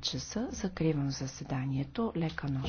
часа. Закривам заседанието. Лека нощ.